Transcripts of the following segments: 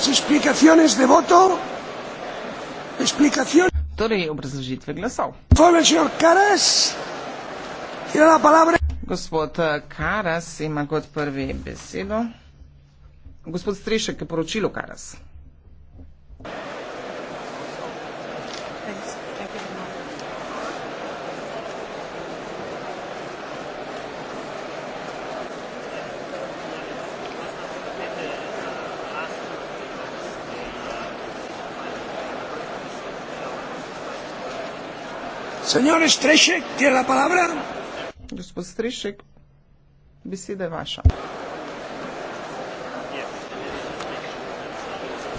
explicaciones de voto. Explicaciones. Torej, obrazložitve glasov. Gospod Karas eh, ima kot prvi besedo. Gospod Strešek je poročilo Karas. Senor Strešek, tiene la palabra. Gospod Strešek, beseda je vaša.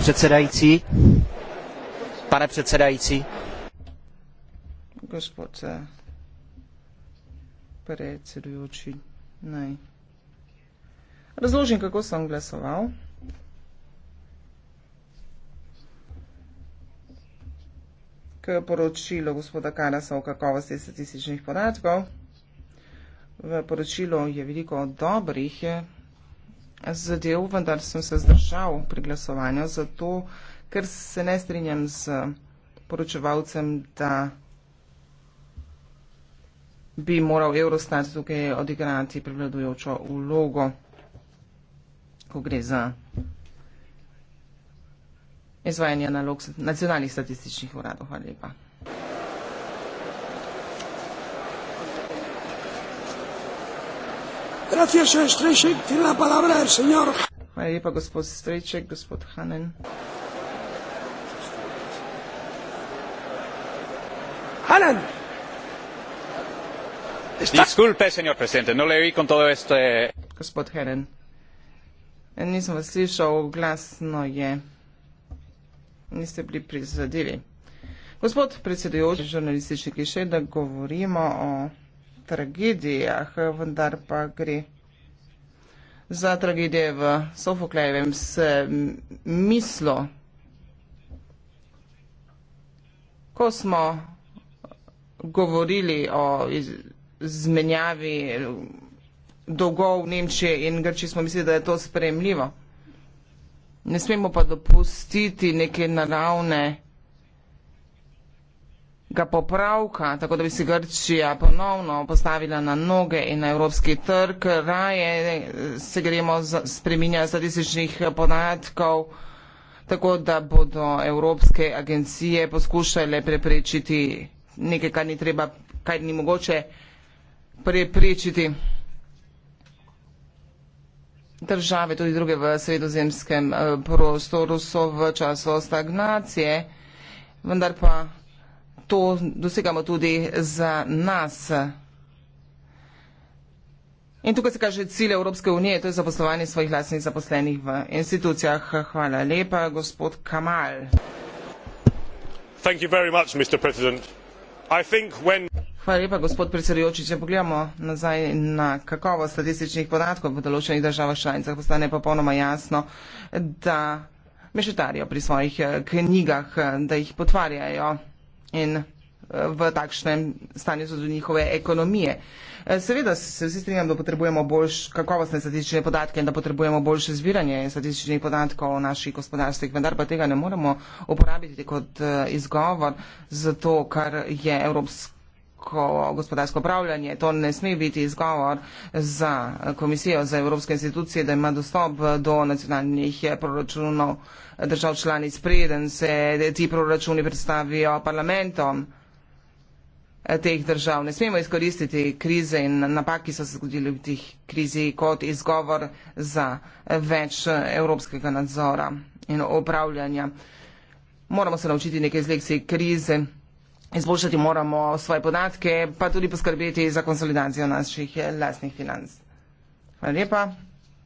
Predsedajci, pane predsedajci. Gospod eh, predsedujoči, naj razložim, kako sem glasoval. k poročilu gospoda Karasa o kakovosti statističnih podatkov. V poročilu je veliko dobrih zadev, vendar sem se zdržal pri glasovanju, zato ker se ne strinjam z poročevalcem, da bi moral Eurostat tukaj odigrati prevladujočo vlogo, ko gre za izvajanja nalog nacionalnih statističnih uradov. Hvala lepa. Hvala lepa, gospod Strejček, gospod Hanen. Hanen! Disculpe, senor presidente, no le vi con todo esto. Gospod Hanen, nisem vas slišal, glasno je. Yeah niste bili prizadeli. Gospod predsedujoči, žurnalistični kliše, da govorimo o tragedijah, vendar pa gre za tragedije v Sofoklejevem s mislo. Ko smo govorili o zmenjavi dolgov Nemčije in Grčije, smo mislili, da je to spremljivo. Ne smemo pa dopustiti neke naravne ga popravka, tako da bi se Grčija ponovno postavila na noge in na evropski trg. Raje se gremo spreminjati statističnih podatkov, tako da bodo evropske agencije poskušale preprečiti nekaj, kar ni treba, kar ni mogoče preprečiti države, tudi druge v sredozemskem eh, prostoru, so v času stagnacije, vendar pa to dosegamo tudi za nas. In tukaj se kaže cilj Evropske unije, to je zaposlovanje svojih lastnih zaposlenih v institucijah. Hvala lepa, gospod Kamal. Thank you very much, Mr. President. I think when Hvala lepa, gospod predsedujoči. Če pogledamo nazaj na kakovo statističnih podatkov v določenih državah članicah, postane popolnoma jasno, da mešitarijo pri svojih eh, knjigah, eh, da jih potvarjajo in eh, v takšnem stanju so tudi njihove ekonomije. Seveda se vsi strinjam, da potrebujemo boljš kakovostne statistične podatke in da potrebujemo boljše zbiranje statističnih podatkov o naših gospodarstvih, vendar pa tega ne moremo uporabiti kot izgovor za to, kar je Evropska visoko gospodarsko upravljanje. To ne sme biti izgovor za komisijo, za evropske institucije, da ima dostop do nacionalnih proračunov držav članic, preden se ti proračuni predstavijo parlamentom teh držav. Ne smemo izkoristiti krize in napak, ki so se zgodili v tih krizi, kot izgovor za več evropskega nadzora in upravljanja. Moramo se naučiti nekaj iz lekcij krize izboljšati moramo svoje podatke, pa tudi poskrbeti za konsolidacijo naših eh, lastnih financ. Hvala lepa.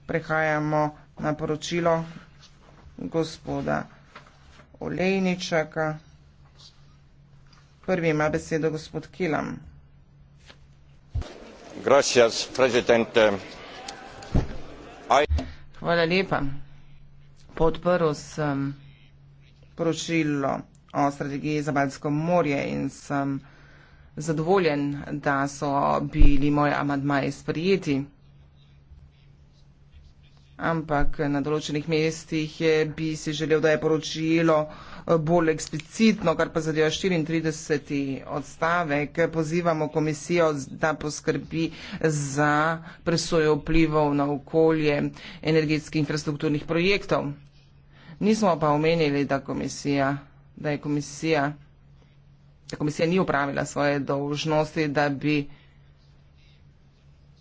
Prehajamo na poročilo gospoda Olejničaka. Prvi ima besedo gospod Kilam. Gracias, prezidente. Hvala lepa. Podprl sem poročilo o strategiji za Balsko morje in sem zadovoljen, da so bili moji amadmaji sprijeti. Ampak na določenih mestih bi si želel, da je poročilo eh, bolj eksplicitno, kar pa zadeva 34. odstavek. Pozivamo komisijo, da poskrbi za presojo vplivov na okolje energetskih infrastrukturnih projektov. Nismo pa omenili, da komisija da je komisija, da komisija ni upravila svoje dolžnosti, da bi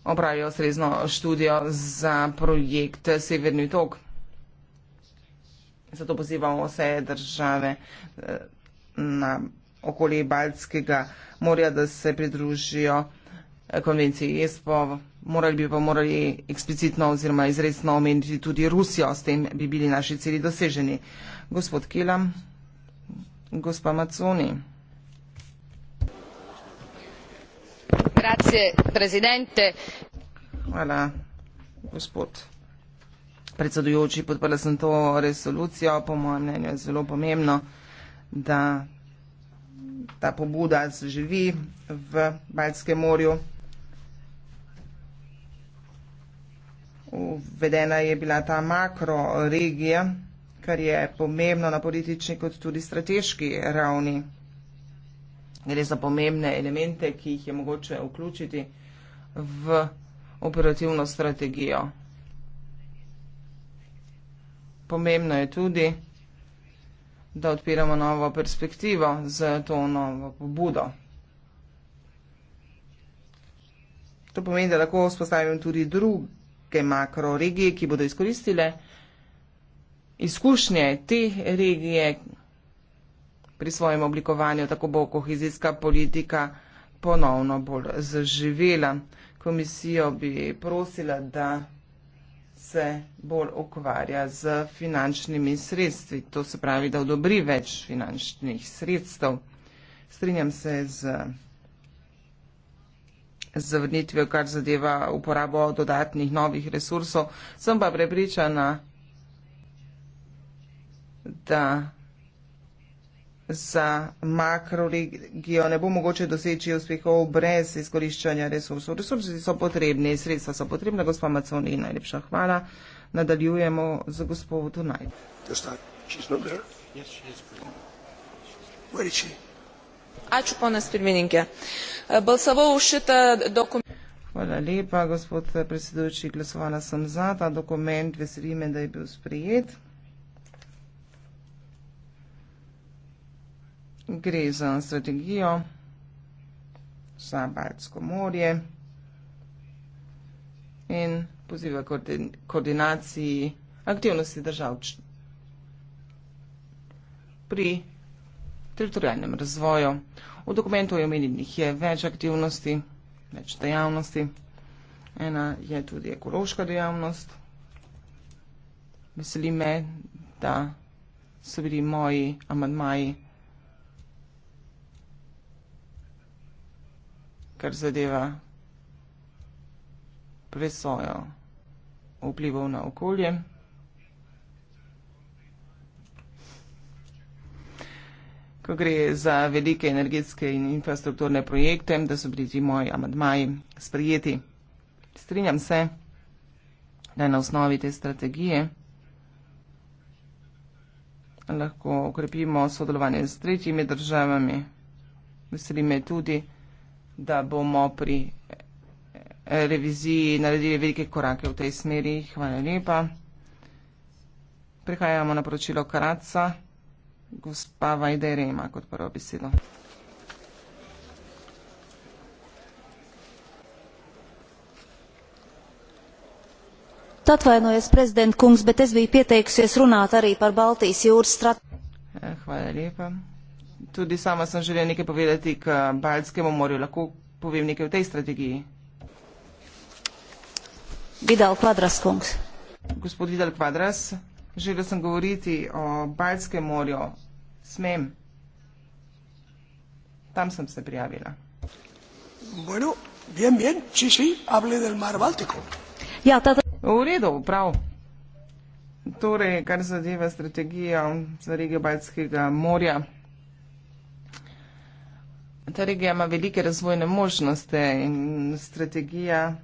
opravila srezno študijo za projekt Severni tok. Zato pozivamo vse države eh, na okolje Baltskega morja, da se pridružijo eh, konvenciji ESPO. Morali bi pa morali eksplicitno oziroma izredno omeniti tudi Rusijo, s tem bi bili naši celi doseženi. Gospod Kilam gospa Mazzoni. Grazie, presidente. Hvala, gospod predsedujoči. Podprla sem to resolucijo, po mojem mnenju je zelo pomembno, da ta pobuda živi v Baljskem morju. Uvedena je bila ta makroregija kar je pomembno na politični kot tudi strateški ravni. Gre za pomembne elemente, ki jih je mogoče vključiti v operativno strategijo. Pomembno je tudi, da odpiramo novo perspektivo z to novo pobudo. To pomeni, da lahko vzpostavim tudi druge makroregije, ki bodo izkoristile izkušnje te regije pri svojem oblikovanju, tako bo kohezijska politika ponovno bolj zaživela. Komisijo bi prosila, da se bolj ukvarja z finančnimi sredstvi. To se pravi, da odobri več finančnih sredstev. Strinjam se z zavrnitvijo, kar zadeva uporabo dodatnih novih resursov. Sem pa prepričana, da da za makroregijo ne bo mogoče doseči uspehov brez izkoriščanja resursov. Resursi so potrebni, sredstva so potrebna. Gospa Maconi, najlepša hvala. Nadaljujemo z gospodom Tunaj. Hvala lepa, gospod predsedujoči. Glasovala sem za ta dokument. Veseli me, da je bil sprejet. gre za strategijo za Baltsko morje in poziva koordinaciji aktivnosti držav pri teritorijalnem razvoju. V dokumentu je omenjenih je več aktivnosti, več dejavnosti. Ena je tudi ekološka dejavnost. Veseli me, da so bili moji amadmaji vsega. kar zadeva presojo vplivov na okolje. Ko gre za velike energetske in infrastrukturne projekte, da so bili ti moji amadmaji sprijeti. Strinjam se, da na osnovi te strategije lahko okrepimo sodelovanje s tretjimi državami. Veseli me tudi, da da bomo pri eh, reviziji naredili velike korake v tej smeri. Hvala lepa. Prehajamo na poročilo Karaca. Gospa Vajdere ima kot prvo besedo. Atvainojas prezident Kungs, bet es biju pieteikusies runāt arī par Baltijas jūras strateģiju. Eh, hvala lepa tudi sama sem želela nekaj povedati k Baltskemu morju. Lahko povem nekaj o tej strategiji. Vidal Kvadras, Kongs. Gospod Vidal Kvadras, želel sem govoriti o Baltskem morju. Smem. Tam sem se prijavila. Bueno, bien, bien, si, si, hable del mar Baltico. Ja, tata. V redu, prav. Torej, kar zadeva strategijo za regijo Baltskega morja ta regija ima velike razvojne možnosti in strategija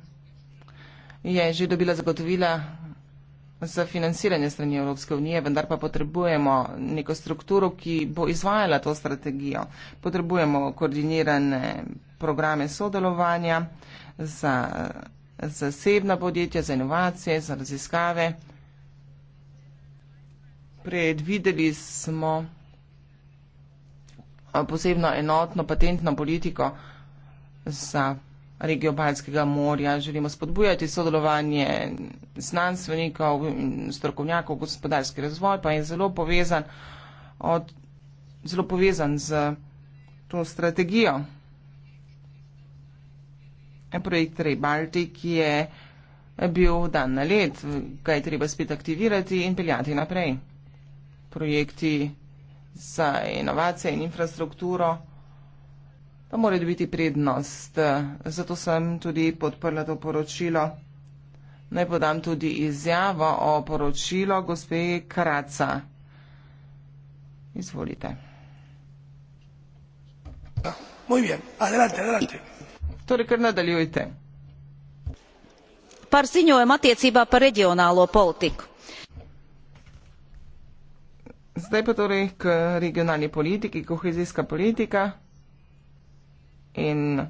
je že dobila zagotovila za financiranje strani Evropske unije, vendar pa potrebujemo neko strukturo, ki bo izvajala to strategijo. Potrebujemo koordinirane programe sodelovanja za zasebna podjetja, za inovacije, za raziskave. Predvideli smo Eh, posebno enotno patentno politiko za regijo Baljskega morja. Želimo spodbujati sodelovanje znanstvenikov in strokovnjakov, gospodarski razvoj pa je zelo povezan, od, zelo povezan z to strategijo. Projekt Rej Baltik je bil dan na let, ga je treba spet aktivirati in peljati naprej. Projekti za inovacije in infrastrukturo, pa mora dobiti prednost. Zato sem tudi podprla to poročilo. Naj podam tudi izjavo o poročilo gospe Kraca. Izvolite. Ja, muy bien. Adelante, adelante. Torej, kar nadaljujte. Par ziņojuma attiecībā par reģionālo politiku. Zdaj pa torej k regionalni politiki, kohezijska politika in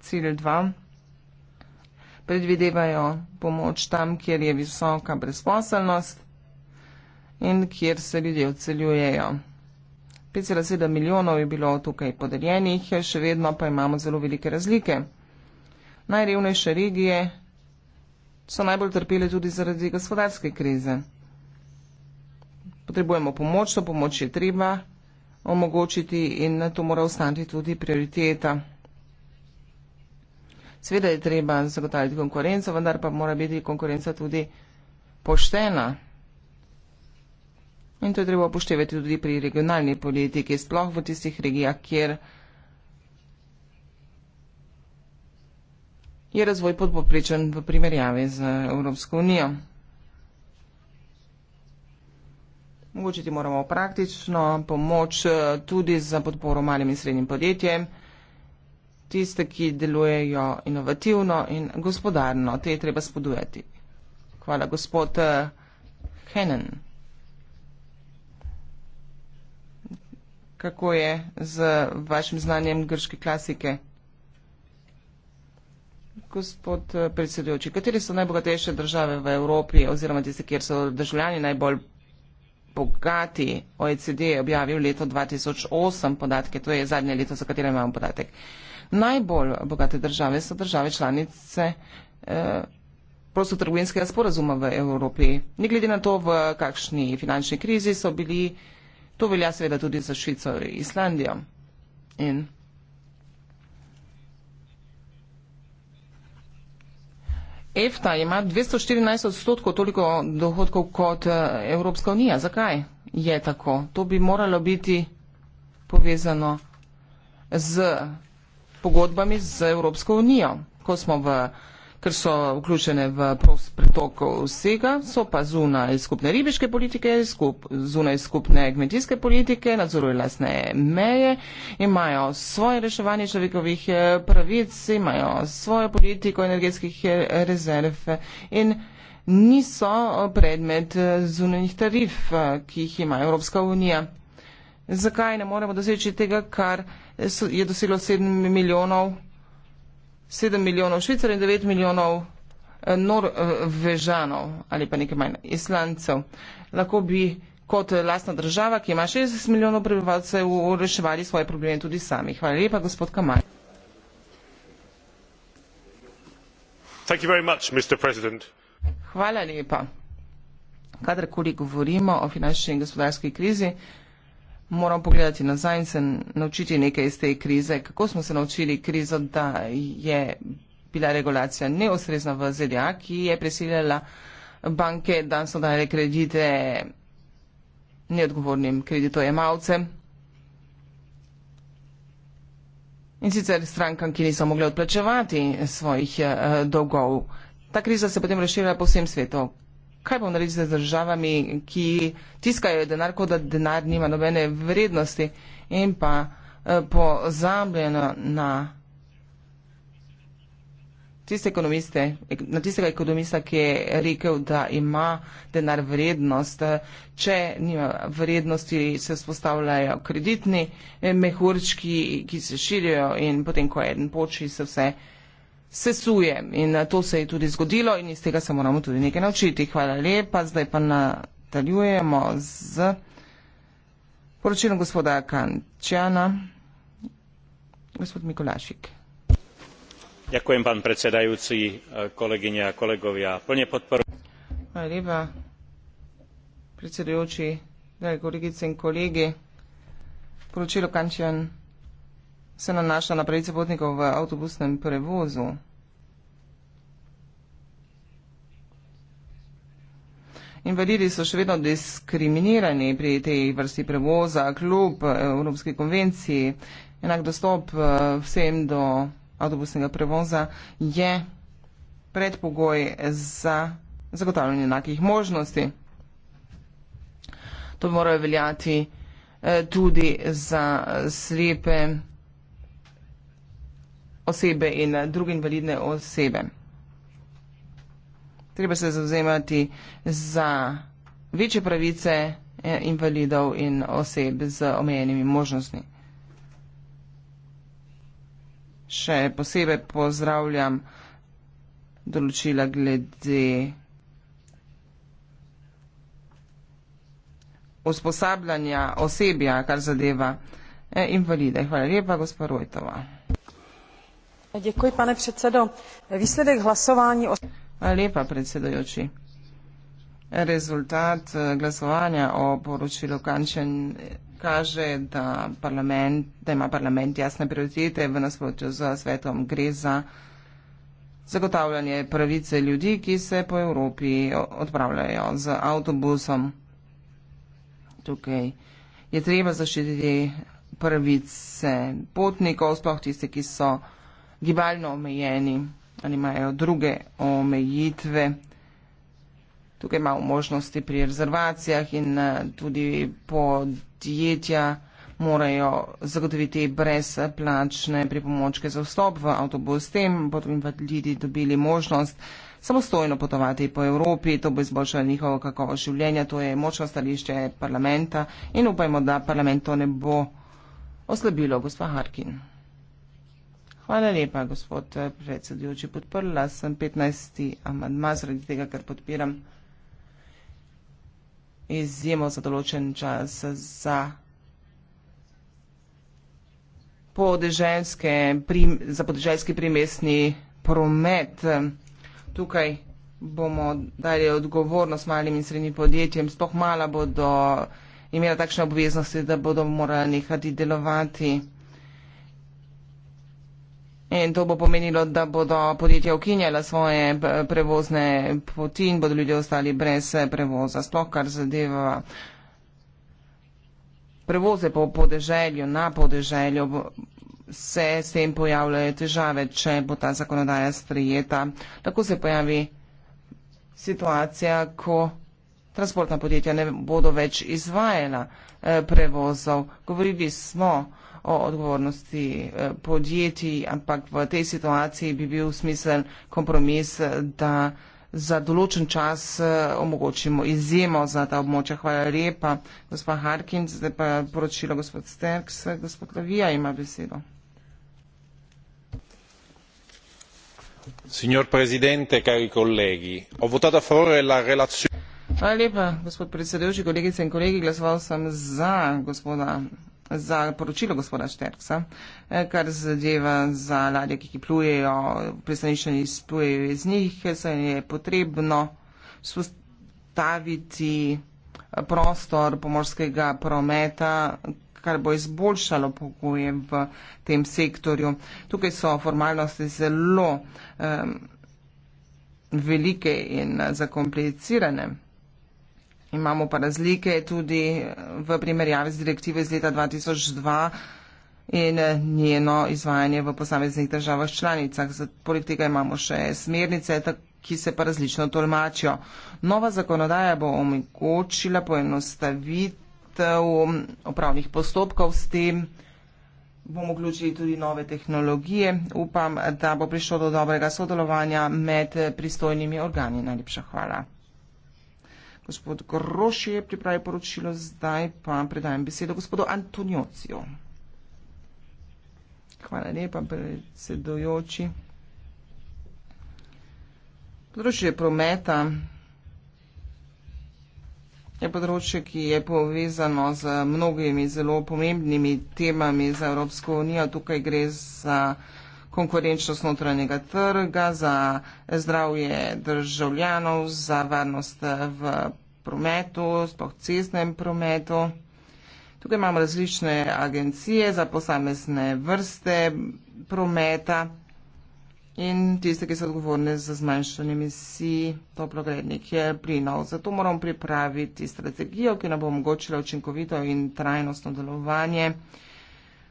cilj 2. Predvidevajo pomoč tam, kjer je visoka brezposelnost in kjer se ljudje odseljujejo. 5,7 milijonov je bilo tukaj podeljenih, še vedno pa imamo zelo velike razlike. Najrevnejše regije so najbolj trpele tudi zaradi gospodarske krize potrebujemo pomoč, to pomoč je treba omogočiti in to mora ostati tudi prioriteta. Sveda je treba zagotavljati konkurenco, vendar pa mora biti konkurenca tudi poštena. In to je treba upoštevati tudi pri regionalni politiki, sploh v tistih regijah, kjer je razvoj podpoprečen v primerjavi z Evropsko unijo. Mogoče ti moramo praktično pomoč eh, tudi za podporo malim in srednjim podjetjem, tiste, ki delujejo inovativno in gospodarno. Te je treba spodujati. Hvala, gospod eh, Henen. Kako je z vašim znanjem grške klasike? Gospod eh, predsedujoči, kateri so najbogatejše države v Evropi oziroma tiste, kjer so državljani najbolj bogati OECD je objavil leto 2008 podatke, to je zadnje leto, za katero imamo podatek. Najbolj bogate države so države članice eh, prostotrgovinskega sporazuma v Evropi. Ne glede na to, v kakšni finančni krizi so bili, to velja seveda tudi za Švico in Islandijo. In EFTA ima 214 odstotkov toliko dohodkov kot eh, Evropska unija. Zakaj je tako? To bi moralo biti povezano z pogodbami z Evropsko unijo. Ko smo v ker so vključene v prost pretok vsega, so pa zunaj skupne ribiške politike, skup, zunaj skupne kmetijske politike, nadzorujejo lasne meje, imajo svoje reševanje človekovih eh, pravic, imajo svojo politiko energetskih eh, rezerv in niso eh, predmet zunanjih tarif, ki jih ima Evropska unija. Zakaj ne moremo doseči tega, kar je dosilo 7 milijonov 7 milijonov švicarjev in 9 milijonov eh, norvežanov ali pa nekaj manj islancev. Lahko bi kot eh, lastna država, ki ima 60 milijonov prebivalcev, reševali svoje probleme tudi sami. Hvala lepa, gospod Kamal. Hvala lepa. Kadarkoli govorimo o finančni in gospodarski krizi, moramo pogledati nazaj in se naučiti nekaj iz te krize. Kako smo se naučili krizo, da je bila regulacija neustrezna v ZDA, ki je prisiljala banke, da so dali kredite neodgovornim kreditojemalcem. In sicer strankam, ki niso mogli odplačevati svojih eh, dolgov. Ta kriza se potem razširja po vsem svetu kaj bomo naredili z državami, ki tiskajo denar, kot da denar nima nobene vrednosti in pa eh, pozabljeno na tiste ekonomiste, na tistega ekonomista, ki je rekel, da ima denar vrednost. Eh, če nima vrednosti, se spostavljajo kreditni eh, mehurčki, ki se širijo in potem, ko je en poči, se vse sesuje. In eh, to se je tudi zgodilo in iz tega se moramo tudi nekaj naučiti. Hvala lepa, zdaj pa nadaljujemo z poročilom gospoda Kančana. Gospod Mikolašik. Ďakujem, pán predsedajúci, eh, kolegyne a kolegovia. Plne podporujem. Hvala lepa, predsedajúci, drahé kolegyce in kolegy. Poročilo Kančana se nanaša na pravice potnikov v avtobusnem prevozu. Invalidi so še vedno diskriminirani pri tej vrsti prevoza, kljub eh, Evropski konvenciji. Enak dostop eh, vsem do avtobusnega prevoza je predpogoj za zagotavljanje enakih možnosti. To bi moralo veljati eh, tudi za slepe osebe in eh, druge invalidne osebe. Treba se zauzemati za večje pravice eh, invalidov in oseb z omejenimi možnostmi. Še posebej pozdravljam določila glede usposabljanja osebja, kar zadeva eh, invalide. Hvala lepa, gospod Rojtova lepa, predsedojoči. Rezultat eh, glasovanja o poročilu Kančen eh, kaže, da, parlament, da ima parlament jasne prioritete v nasprotju z svetom. Gre za zagotavljanje pravice ljudi, ki se po Evropi odpravljajo z avtobusom. Tukaj je treba zaščititi pravice potnikov, sploh tiste, ki so gibalno omejeni ali imajo druge omejitve. Tukaj imamo možnosti pri rezervacijah in eh, tudi podjetja morajo zagotoviti brezplačne pripomočke za vstop v avtobus. S tem bodo invalidi dobili možnost samostojno potovati po Evropi. To bo izboljšalo njihovo kakovo življenja. To je močno stališče parlamenta in upajmo, da parlament to ne bo oslabilo, gospa Harkin. Hvala lepa, gospod eh, predsedujoči. Podprla sem 15. amandma zaradi tega, ker podpiram izjemo za določen čas za podeželske, prim, za podeželski primestni promet. Tukaj bomo dali odgovornost malim in srednjim podjetjem, spoh mala bodo imela takšne obveznosti, da bodo morali nekati delovati. In to bo pomenilo, da bodo podjetja ukinjala svoje eh, prevozne poti in bodo ljudje ostali brez eh, prevoza. Sploh kar zadeva prevoze po podeželju, na podeželju, se s tem pojavljajo težave, če bo ta zakonodaja sprejeta. Tako se pojavi situacija, ko transportna podjetja ne bodo več izvajala eh, prevozov. Govorili smo, o odgovornosti eh, podjetij, ampak v tej situaciji bi bil smisel kompromis, da za določen čas eh, omogočimo izjemo za ta območja. Hvala lepa, gospod Harkin, zdaj pa poročilo gospod Sterks, eh, gospod Lavija ima besedo. Signor Presidente, cari colleghi, ho votato a favore della relazione. Hvala lepa, gospod predsedujoči, kolegice in kolegi, glasoval sem za gospoda za poročilo gospoda Šterksa, eh, kar zadeva za ladje, ki plujejo, pristanišče izplujejo iz njih, se je potrebno spostaviti eh, prostor pomorskega prometa, kar bo izboljšalo pogoje v tem sektorju. Tukaj so formalnosti zelo um, velike in zakomplicirane imamo pa razlike tudi eh, v primerjavi z direktive iz leta 2002 in eh, njeno izvajanje v posameznih državah članicah. Poleg tega imamo še smernice, ki se pa različno tolmačijo. Nova zakonodaja bo omogočila poenostavitev um, upravnih postopkov, s tem bomo vključili tudi nove tehnologije. Upam, da bo prišlo do dobrega sodelovanja med pristojnimi organi. Najlepša hvala. Gospod Groši je pripravil poročilo, zdaj pa predajam besedo gospodu Antoniociju. Hvala lepa, predsedojoči. Področje prometa je področje, ki je povezano z mnogimi zelo pomembnimi temami za Evropsko unijo. Tukaj gre za konkurenčnost notranjega trga, za zdravje državljanov, za varnost v prometu, sploh cestnem prometu. Tukaj imamo različne agencije za posamezne vrste prometa in tiste, ki so odgovorne za zmanjšanje emisij toplogrednih plinov. Zato moramo pripraviti strategijo, ki nam bo omogočila učinkovito in trajnostno delovanje.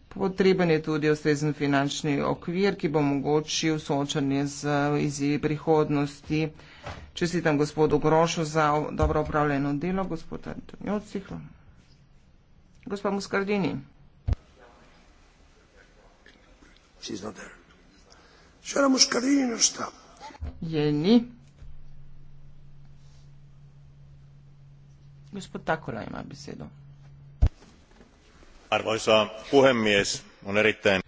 Potreben je tudi ustrezen finančni okvir, ki bo omogočil soočanje z izjivi prihodnosti. Čestitam gospodu Grošu za dobro upravljeno delo, gospod Antonijo Cihlo. Gospod Muskardini. Šera Muskardini, no šta? Je ni. Gospod Takola ima besedo arvoisa puhemies on erittäin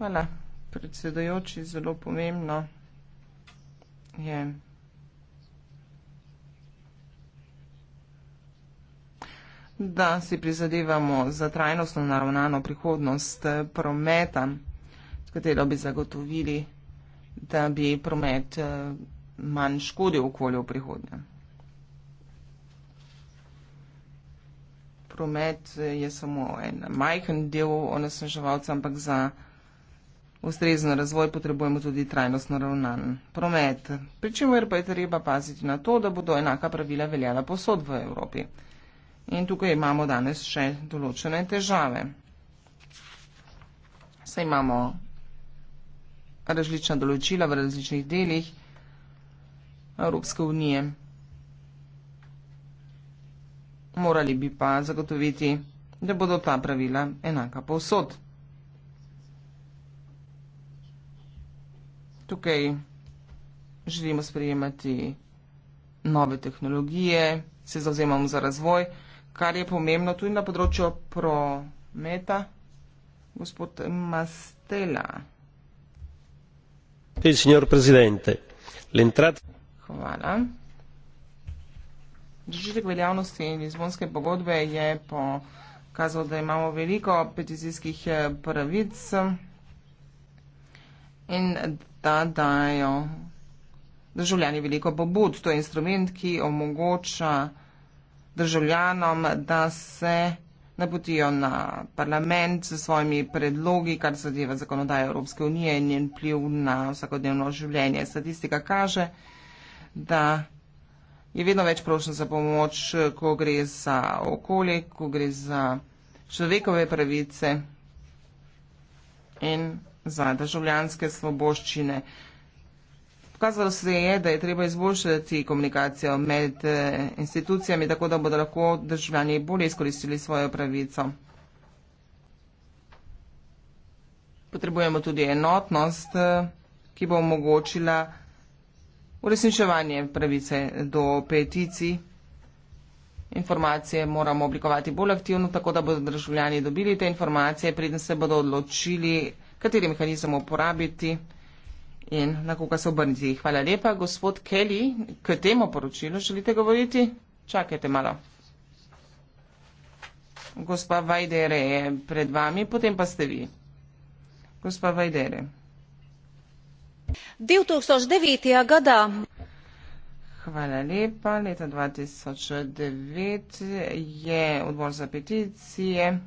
Hvala, predsedujoči, zelo pomembno je da si prizadevamo za trajnostno naravnano prihodnost eh, prometa, s katero bi zagotovili, da bi promet eh, manj škodil okolju v prihodnje. promet eh, je samo en majhen del onesnaževalca, ampak za ustrezen razvoj potrebujemo tudi trajnostno ravnan promet. Pričemer pa je treba paziti na to, da bodo enaka pravila veljala posod v Evropi. In tukaj imamo danes še določene težave. Saj imamo različna določila v različnih delih Evropske unije morali bi pa zagotoviti, da bodo ta pravila enaka povsod. Tukaj želimo sprejemati nove tehnologije, se zauzemamo za razvoj, kar je pomembno tudi na področju prometa. Gospod Mastela. Hvala. Držitek veljavnosti Lizbonske pogodbe je pokazal, da imamo veliko peticijskih eh, pravic in da dajo državljani veliko pobud. To je instrument, ki omogoča državljanom, da se napotijo na parlament s svojimi predlogi, kar zadeva zakonodajo Evropske unije in njen pliv na vsakodnevno življenje. Statistika kaže, da je vedno več prošen za pomoč, ko gre za okolje, ko gre za človekove pravice in za državljanske svoboščine. Pokazalo se je, da je treba izboljšati komunikacijo med eh, institucijami, tako da bodo lahko državljani bolje izkoristili svojo pravico. Potrebujemo tudi enotnost, eh, ki bo omogočila, da bo omogočila, uresničevanje pravice do peticij. Informacije moramo oblikovati bolj aktivno, tako da bodo državljani dobili te informacije, preden se bodo odločili, kateri mehanizem uporabiti in na koga se obrniti. Hvala lepa. Gospod Kelly, k temu poročilu želite govoriti? Čakajte malo. Gospa Vajdere je pred vami, potem pa ste vi. Gospa Vajdere. 2009. gada. Hvala lepa. Leta 2009 je odbor za peticije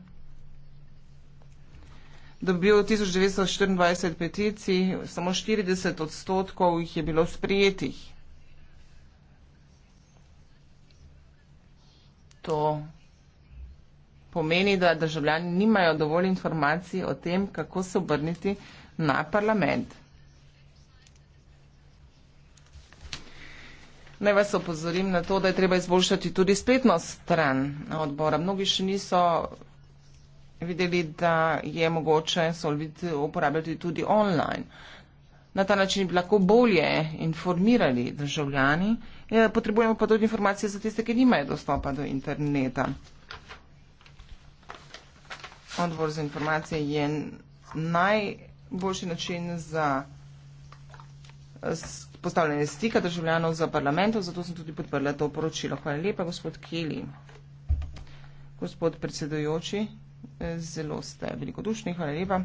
dobil 1924 peticij, samo 40 odstotkov jih je bilo sprijetih. To pomeni, da državljani nimajo dovolj informacij o tem, kako se obrniti na parlament. Naj vas opozorim na to, da je treba izboljšati tudi spletno stran odbora. Mnogi še niso videli, da je mogoče Solvit uporabljati tudi online. Na ta način bi lahko bolje informirali državljani, e, potrebujemo pa tudi informacije za tiste, ki nimajo dostopa do interneta. Odbor za informacije je najboljši način za vzpostavljanje stika državljanov za parlamentom, zato sem tudi podprla to poročilo. Hvala lepa, gospod Keli. Gospod predsedujoči, zelo ste velikodušni, hvala lepa.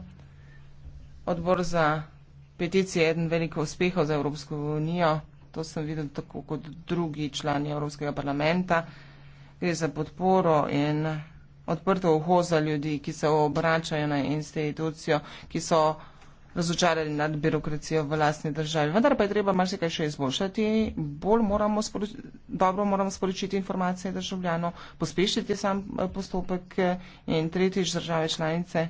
Odbor za peticije je eden veliko uspehov za Evropsko unijo, to sem videl tako kot drugi člani Evropskega parlamenta. Gre za podporo in odprto uho za ljudi, ki se obračajo na institucijo, ki so razočarani nad birokracijo v lastni državi. Vendar pa je treba marsikaj še izboljšati, bolj moramo sporočiti, dobro moramo sporočiti informacije državljanov, pospešiti sam eh, postopek eh, in tretjič države članice.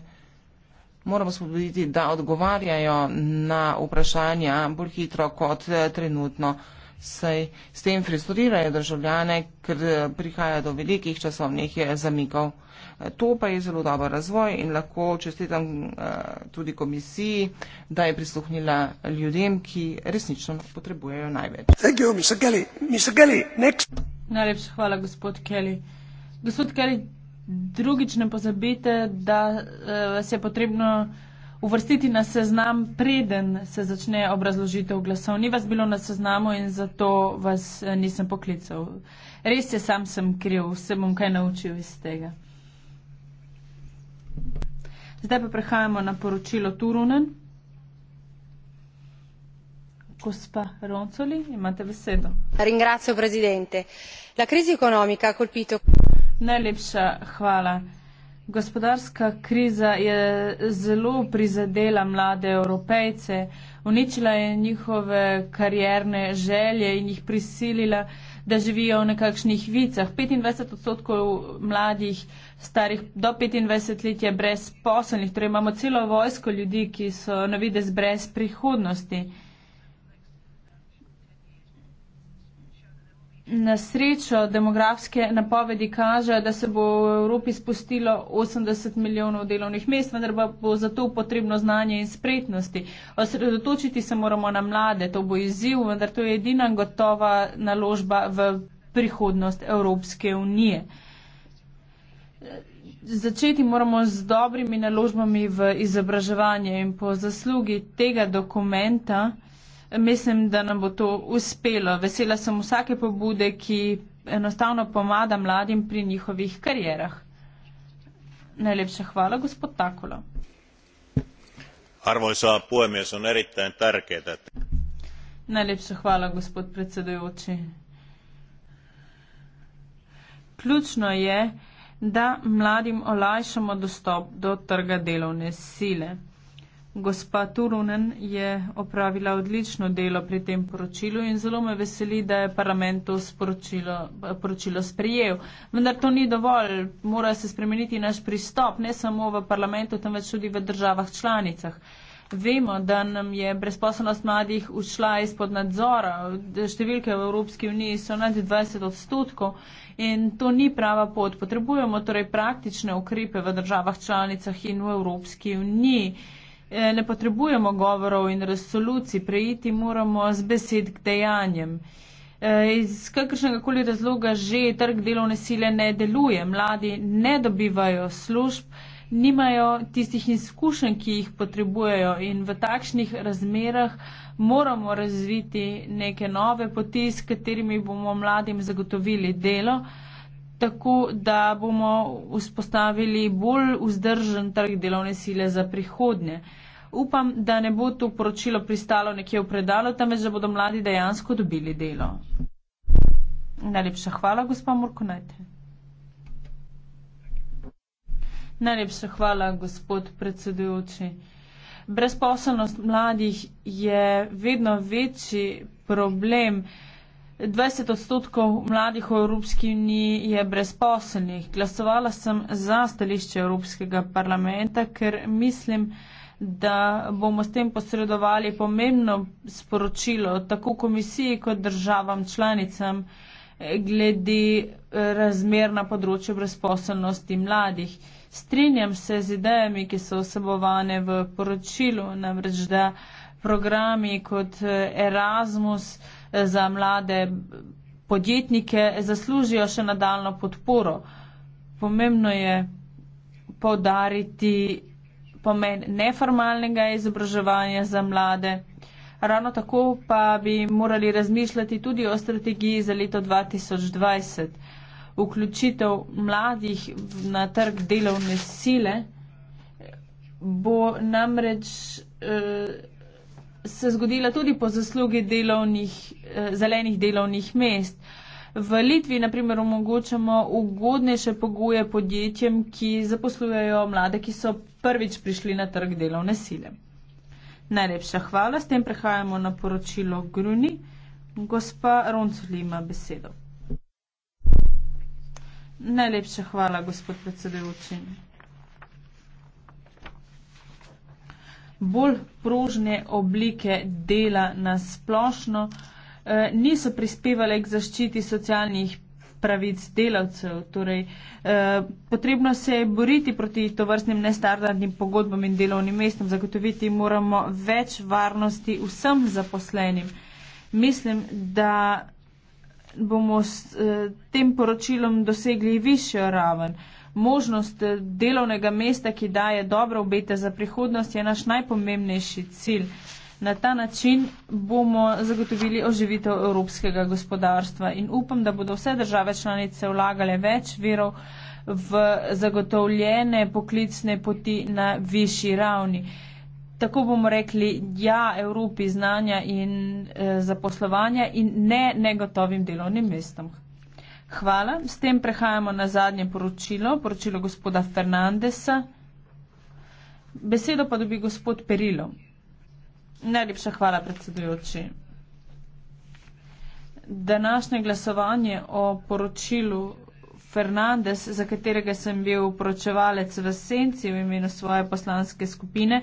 Moramo spodbuditi, da odgovarjajo na vprašanja bolj hitro kot eh, trenutno. Sej s tem frustrirajo državljane, ker prihaja do velikih časovnih zamikov. To pa je zelo dober razvoj in lahko čestitam eh, tudi komisiji, da je prisluhnila ljudem, ki resnično potrebujejo največ. You, Mr. Kelly. Mr. Kelly, Najlepša hvala, gospod Kelly. Gospod Kelly, drugič ne pozabite, da eh, vas je potrebno uvrstiti na seznam, preden se začne obrazložitev glasov. Ni vas bilo na seznamu in zato vas eh, nisem poklical. Res je, sam sem kriv, se bom kaj naučil iz tega. Zdaj pa prehajamo na poročilo Turunen. Gospa Roncoli, imate besedo. Ringrazio, predsedente. La crisi economica ha colpito. Najlepša hvala. Gospodarska kriza je zelo prizadela mlade evropejce, uničila je njihove karierne želje in jih prisilila da živijo v nekakšnih vicah. 25 odstotkov mladih starih do 25 let je brezposelnih, torej imamo celo vojsko ljudi, ki so na videz brez prihodnosti. Na srečo demografske napovedi kažejo, da se bo v Evropi spustilo 80 milijonov delovnih mest, vendar pa bo za to potrebno znanje in spretnosti. Osredotočiti se moramo na mlade, to bo izziv, vendar to je edina gotova naložba v prihodnost Evropske unije. Začeti moramo z dobrimi naložbami v izobraževanje in po zaslugi tega dokumenta mislim, da nam bo to uspelo. Vesela sem vsake pobude, ki enostavno pomaga mladim pri njihovih karjerah. Najlepša hvala, gospod Takolo. Arvojsa, pojme, so narite in tarkete. Najlepša hvala, gospod predsedujoči. Ključno je, da mladim olajšamo dostop do trga delovne sile. Gospa Turunen je opravila odlično delo pri tem poročilu in zelo me veseli, da je parlament to poročilo sprejel. Vendar to ni dovolj, mora se spremeniti naš pristop ne samo v parlamentu, temveč tudi v državah članicah. Vemo, da nam je brezposobnost mladih ušla izpod nadzora, številke v Evropski uniji so nad 20 odstotkov in to ni prava pot. Potrebujemo torej praktične ukrepe v državah članicah in v Evropski uniji. Eh, ne potrebujemo govorov in resolucij, preiti moramo z besed k dejanjem. Eh, iz kakršnega koli razloga že trg delovne sile ne deluje, mladi ne dobivajo služb, nimajo tistih izkušenj, ki jih potrebujejo in v takšnih razmerah moramo razviti neke nove poti, s katerimi bomo mladim zagotovili delo, tako da bomo vzpostavili bolj vzdržen trg delovne sile za prihodnje. Upam, da ne bo to poročilo pristalo nekje v predalo, temveč da bodo mladi dejansko dobili delo. Najlepša hvala, gospa Morkonajte. Najlepša hvala, gospod predsedujoči. Brezposobnost mladih je vedno večji problem. 20 odstotkov mladih v Evropski uniji je brezposelnih. Glasovala sem za stališče Evropskega parlamenta, ker mislim, da bomo s tem posredovali pomembno sporočilo tako komisiji kot državam članicam glede eh, razmer na področju brezposelnosti mladih. Strinjam se z idejami, ki so osebovane v poročilu, namreč da programi kot eh, Erasmus, za mlade podjetnike zaslužijo še nadaljno podporo. Pomembno je podariti pomen neformalnega izobraževanja za mlade. Ravno tako pa bi morali razmišljati tudi o strategiji za leto 2020. Vključitev mladih na trg delovne sile bo namreč. Eh, se zgodila tudi po zaslugi delovnih, eh, zelenih delovnih mest. V Litvi, na primer, omogočamo ugodnejše pogoje podjetjem, ki zaposlujejo mlade, ki so prvič prišli na trg delovne sile. Najlepša hvala. S tem prehajamo na poročilo Gruni. Gospa Roncli ima besedo. Najlepša hvala, gospod predsedujoči. bolj prožne oblike dela na splošno, eh, niso prispevale k zaščiti socialnih pravic delavcev. Torej, eh, potrebno se je boriti proti tovrstnim nestardarnim pogodbam in delovnim mestom, zagotoviti moramo več varnosti vsem zaposlenim. Mislim, da bomo s eh, tem poročilom dosegli višjo raven. Možnost eh, delovnega mesta, ki daje dobre obete za prihodnost, je naš najpomembnejši cilj. Na ta način bomo zagotovili oživitev evropskega gospodarstva in upam, da bodo vse države članice vlagale več verov v zagotovljene poklicne poti na višji ravni tako bomo rekli, ja Evropi znanja in e, zaposlovanja in ne negotovim delovnim mestom. Hvala. S tem prehajamo na zadnje poročilo, poročilo gospoda Fernandesa. Besedo pa dobi gospod Perilo. Najlepša hvala, predsedujoči. Današnje glasovanje o poročilu Fernandez, za katerega sem bil poročevalec v Senci v imenu svoje poslanske skupine,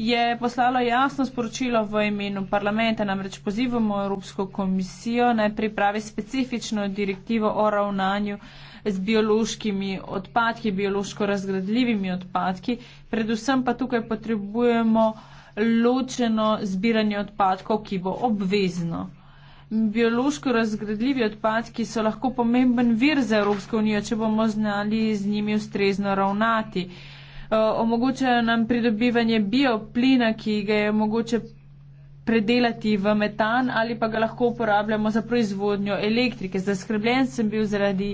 je poslalo jasno sporočilo v imenu parlamenta, namreč pozivamo Evropsko komisijo naj pripravi specifično direktivo o ravnanju z biološkimi odpadki, biološko razgradljivimi odpadki, predvsem pa tukaj potrebujemo ločeno zbiranje odpadkov, ki bo obvezno. Biološko razgradljivi odpadki so lahko pomemben vir za Evropsko unijo, če bomo znali z njimi ustrezno ravnati. Eh, omogočajo nam pridobivanje bioplina, ki ga je mogoče predelati v metan ali pa ga lahko uporabljamo za proizvodnjo elektrike. Zaskrbljen sem bil zaradi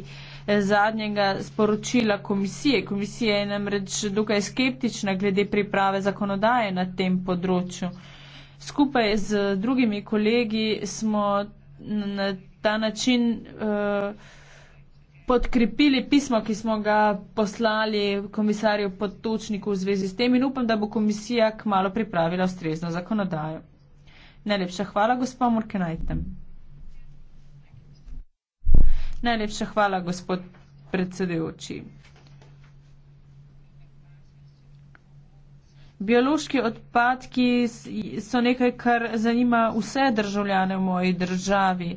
eh, zadnjega sporočila komisije. Komisija je namreč dokaj skeptična glede priprave zakonodaje na tem področju. Skupaj z drugimi kolegi smo na ta način uh, podkrepili pismo, ki smo ga poslali komisarju Potočniku v zvezi s tem in upam, da bo komisija kmalo pripravila ustrezno zakonodajo. Najlepša hvala, gospod Morkenajtem. Najlepša hvala, gospod predsedujoči. Biološki odpadki so nekaj, kar zanima vse državljane v moji državi.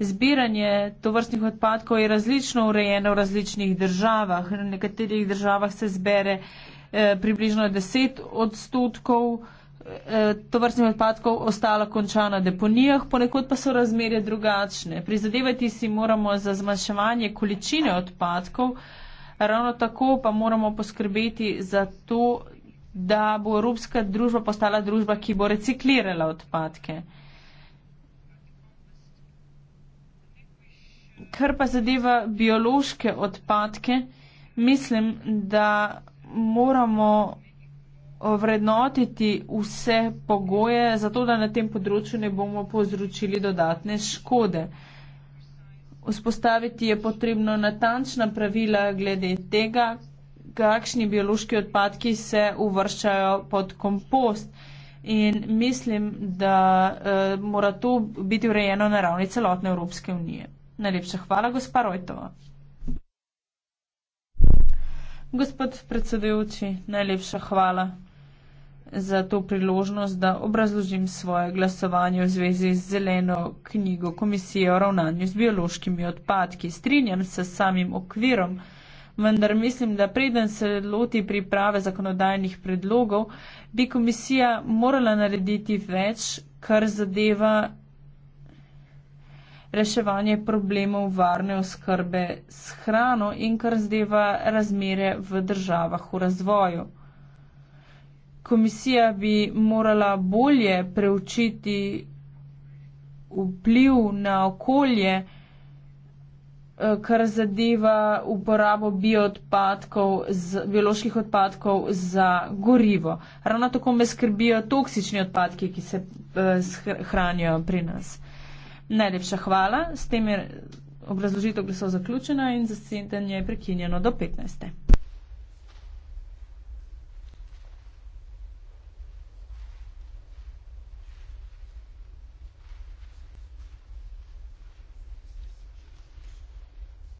Zbiranje tovrstnih odpadkov je različno urejeno v različnih državah. V nekaterih državah se zbere eh, približno 10 odstotkov eh, tovrstnih odpadkov, ostalo konča na deponijah, ponekod pa so razmerje drugačne. Prizadevati si moramo za zmanjševanje količine odpadkov, ravno tako pa moramo poskrbeti za to, da bo evropska družba postala družba, ki bo reciklirala odpadke. kar pa zadeva biološke odpadke, mislim, da moramo vrednotiti vse pogoje, zato da na tem področju ne bomo povzročili dodatne škode. Vzpostaviti je potrebno natančna pravila glede tega, kakšni biološki odpadki se uvrščajo pod kompost. In mislim, da uh, mora to biti urejeno na ravni celotne Evropske unije. Najlepša hvala, gospa Rojtova. Gospod predsedujoči, najlepša hvala za to priložnost, da obrazložim svoje glasovanje v zvezi z zeleno knjigo Komisije o ravnanju z biološkimi odpadki. Strinjam se s samim okvirom, vendar mislim, da preden se loti priprave zakonodajnih predlogov, bi komisija morala narediti več, kar zadeva reševanje problemov varne oskrbe s hrano in kar zdeva razmere v državah v razvoju. Komisija bi morala bolje preučiti vpliv na okolje, eh, kar zadeva uporabo bioodpadkov, bioloških odpadkov za gorivo. Ravno tako me skrbijo toksični odpadki, ki se eh, hranijo pri nas. Najlepša hvala. S tem je obrazložitev glasov zaključena in zasedanje je prekinjeno do 15.